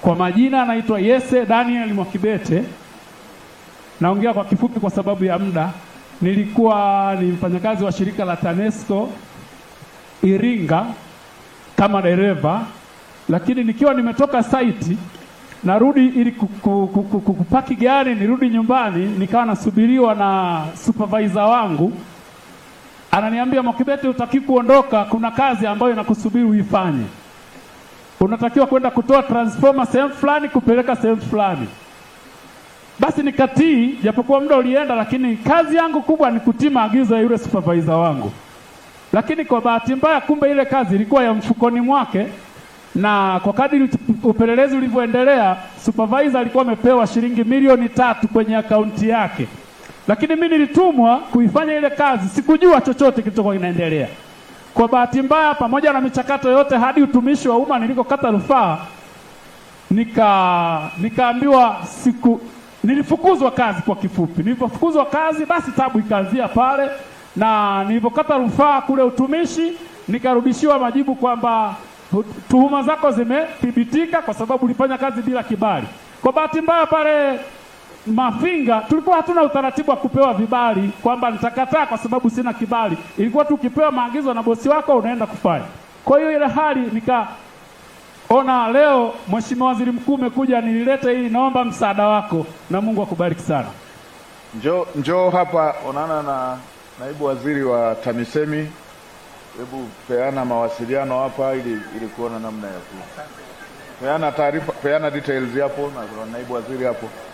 Kwa majina anaitwa Yese Daniel Mwakibete. Naongea kwa kifupi kwa sababu ya muda. Nilikuwa ni mfanyakazi wa shirika la TANESCO Iringa kama dereva, lakini nikiwa nimetoka saiti narudi ili kupaki gari nirudi nyumbani, nikawa nasubiriwa na supervisor wangu, ananiambia Mwakibete, utaki kuondoka, kuna kazi ambayo inakusubiri uifanye unatakiwa kwenda kutoa transformer sehemu fulani kupeleka sehemu fulani. Basi nikatii, japokuwa muda ulienda, lakini kazi yangu kubwa ni kutii maagizo ya yule supervisor wangu. Lakini kwa bahati mbaya, kumbe ile kazi ilikuwa ya mfukoni mwake, na kwa kadiri upelelezi ulivyoendelea, supervisor alikuwa amepewa shilingi milioni tatu kwenye akaunti yake, lakini mimi nilitumwa kuifanya ile kazi, sikujua chochote kilichokuwa kinaendelea. Kwa bahati mbaya, pamoja na michakato yote, hadi utumishi wa umma nilikokata rufaa, nika nikaambiwa siku nilifukuzwa kazi. Kwa kifupi, nilipofukuzwa kazi, basi tabu ikaanzia pale, na nilipokata rufaa kule utumishi, nikarudishiwa majibu kwamba tuhuma zako zimethibitika kwa sababu ulifanya kazi bila kibali. Kwa bahati mbaya pale Mafinga tulikuwa hatuna utaratibu wa kupewa vibali kwamba nitakataa kwa sababu sina kibali. Ilikuwa tu ukipewa maagizo na bosi wako unaenda kufanya. Kwa hiyo ile hali nikaona leo Mheshimiwa Waziri Mkuu umekuja, nililete hili, naomba msaada wako na Mungu akubariki sana. Njoo njoo hapa onana na naibu waziri wa TAMISEMI. Hebu peana mawasiliano hapa ili ili kuona namna ya ku peana taarifa, peana details hapo na naibu waziri hapo.